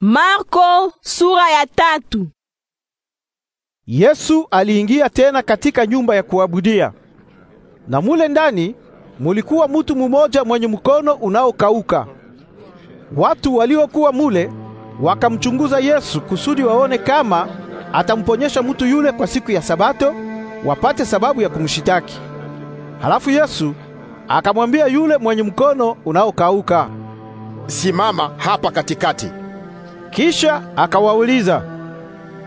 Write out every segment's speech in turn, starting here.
Marko sura ya tatu. Yesu aliingia tena katika nyumba ya kuabudia. Na mule ndani mulikuwa mutu mumoja mwenye mkono unaokauka. Watu waliokuwa mule wakamchunguza Yesu kusudi waone kama atamponyesha mutu yule kwa siku ya Sabato, wapate sababu ya kumshitaki. Halafu Yesu akamwambia yule mwenye mkono unaokauka, "Simama hapa katikati." Kisha akawauliza,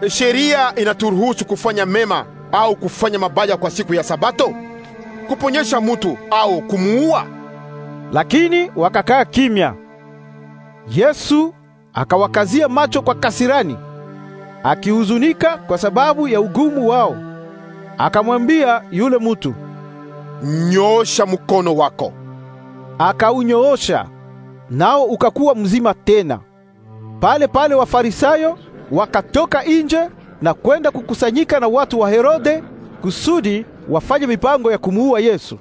sheria inaturuhusu kufanya mema au kufanya mabaya kwa siku ya Sabato? Kuponyesha mutu au kumuua? Lakini wakakaa kimya. Yesu akawakazia macho kwa kasirani, akihuzunika kwa sababu ya ugumu wao. Akamwambia yule mutu, nyoosha mkono wako. Akaunyoosha, nao ukakuwa mzima tena. Pale pale Wafarisayo wakatoka nje na kwenda kukusanyika na watu wa Herode kusudi wafanye mipango ya kumuua Yesu.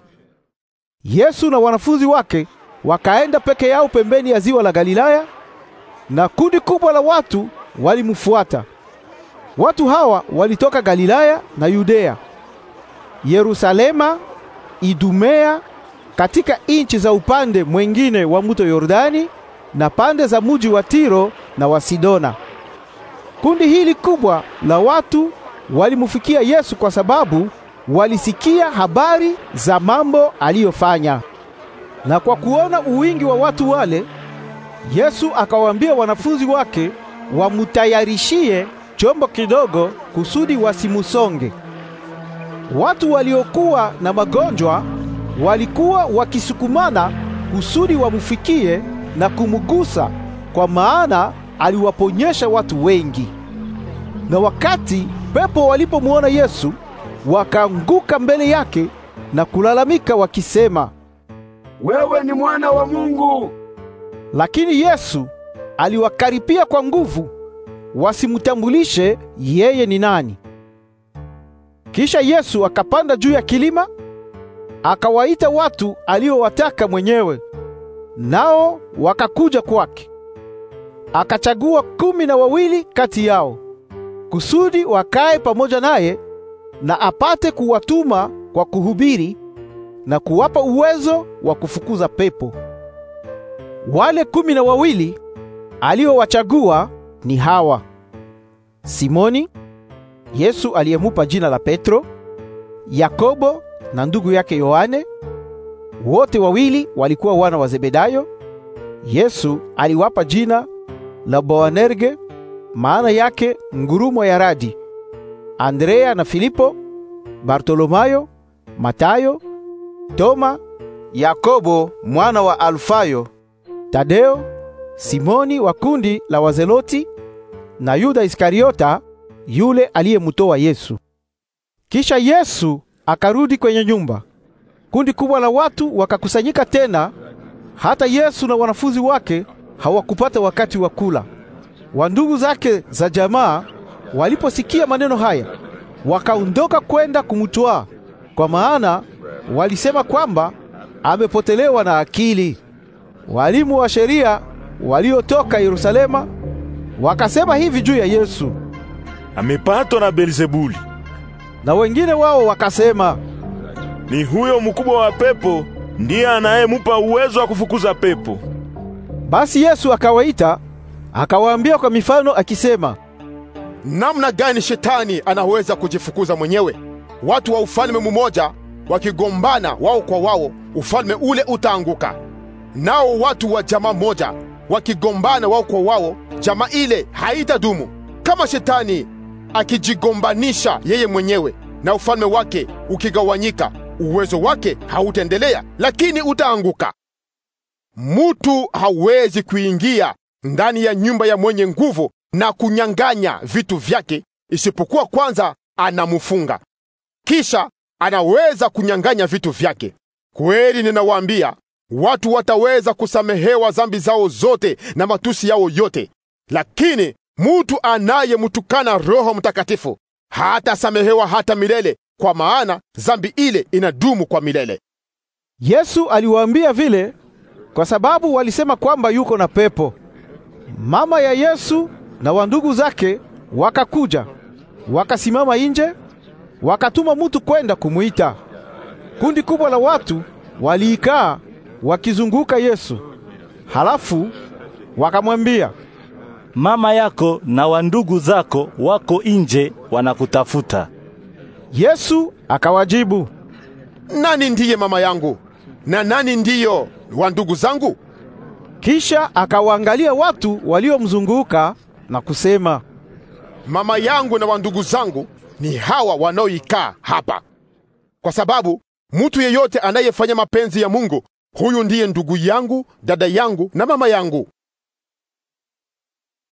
Yesu na wanafunzi wake wakaenda peke yao pembeni ya ziwa la Galilaya na kundi kubwa la watu walimfuata. Watu hawa walitoka Galilaya na Yudea, Yerusalema, Idumea, katika inchi za upande mwengine wa mto Yordani na pande za muji wa Tiro na Wasidona. Kundi hili kubwa la watu walimufikia Yesu kwa sababu walisikia habari za mambo aliyofanya. Na kwa kuona uwingi wa watu wale, Yesu akawaambia wanafunzi wake wamutayarishie chombo kidogo kusudi wasimusonge. Watu waliokuwa na magonjwa walikuwa wakisukumana kusudi wamufikie na kumugusa, kwa maana aliwaponyesha watu wengi. Na wakati pepo walipomwona Yesu, wakaanguka mbele yake na kulalamika wakisema, wewe ni mwana wa Mungu. Lakini Yesu aliwakaripia kwa nguvu wasimtambulishe yeye ni nani. Kisha Yesu akapanda juu ya kilima akawaita watu aliowataka mwenyewe, nao wakakuja kwake akachagua kumi na wawili kati yao kusudi wakae pamoja naye na apate kuwatuma kwa kuhubiri na kuwapa uwezo wa kufukuza pepo. Wale kumi na wawili aliowachagua ni hawa: Simoni, Yesu aliyemupa jina la Petro, Yakobo na ndugu yake Yohane. Wote wawili walikuwa wana wa Zebedayo. Yesu aliwapa jina la Boanerge, maana yake ngurumo ya radi. Andrea na Filipo, Bartolomayo, Matayo, Toma, Yakobo mwana wa Alfayo, Tadeo, Simoni wa kundi la Wazeloti na Yuda Iskariota yule aliyemtoa Yesu. Kisha Yesu akarudi kwenye nyumba. Kundi kubwa la watu wakakusanyika tena, hata Yesu na wanafunzi wake hawakupata wakati wa kula. Wandugu zake za jamaa waliposikia maneno haya, wakaondoka kwenda kumtwaa, kwa maana walisema kwamba amepotelewa na akili. Walimu wa sheria waliotoka Yerusalema wakasema hivi juu ya Yesu, amepatwa na Belzebuli. Na wengine wao wakasema, ni huyo mkubwa wa pepo ndiye anayemupa uwezo wa kufukuza pepo. Basi Yesu akawaita akawaambia kwa mifano akisema, namna gani shetani anaweza kujifukuza mwenyewe? Watu wa ufalme mmoja wakigombana wao kwa wao, ufalme ule utaanguka. Nao watu wa jamaa moja wakigombana wao kwa wao, jamaa ile haitadumu. Kama shetani akijigombanisha yeye mwenyewe na ufalme wake ukigawanyika, uwezo wake hautaendelea, lakini utaanguka. Mutu hawezi kuingia ndani ya nyumba ya mwenye nguvu na kunyang'anya vitu vyake, isipokuwa kwanza anamfunga, kisha anaweza kunyang'anya vitu vyake. Kweli ninawaambia, watu wataweza kusamehewa dhambi zao zote na matusi yao yote, lakini mutu anayemtukana Roho Mtakatifu hatasamehewa hata milele, kwa maana dhambi ile inadumu kwa milele. Yesu aliwaambia vile kwa sababu walisema kwamba yuko na pepo. Mama ya Yesu na wandugu zake wakakuja, wakasimama nje, wakatuma mutu kwenda kumuita. Kundi kubwa la watu waliikaa wakizunguka Yesu. Halafu wakamwambia, mama yako na wandugu zako wako nje wanakutafuta. Yesu akawajibu, nani ndiye mama yangu na nani ndiyo wa ndugu zangu? Kisha akawaangalia watu waliomzunguka na kusema, mama yangu na wandugu zangu ni hawa wanaoikaa hapa, kwa sababu mtu yeyote anayefanya mapenzi ya Mungu, huyu ndiye ndugu yangu, dada yangu na mama yangu.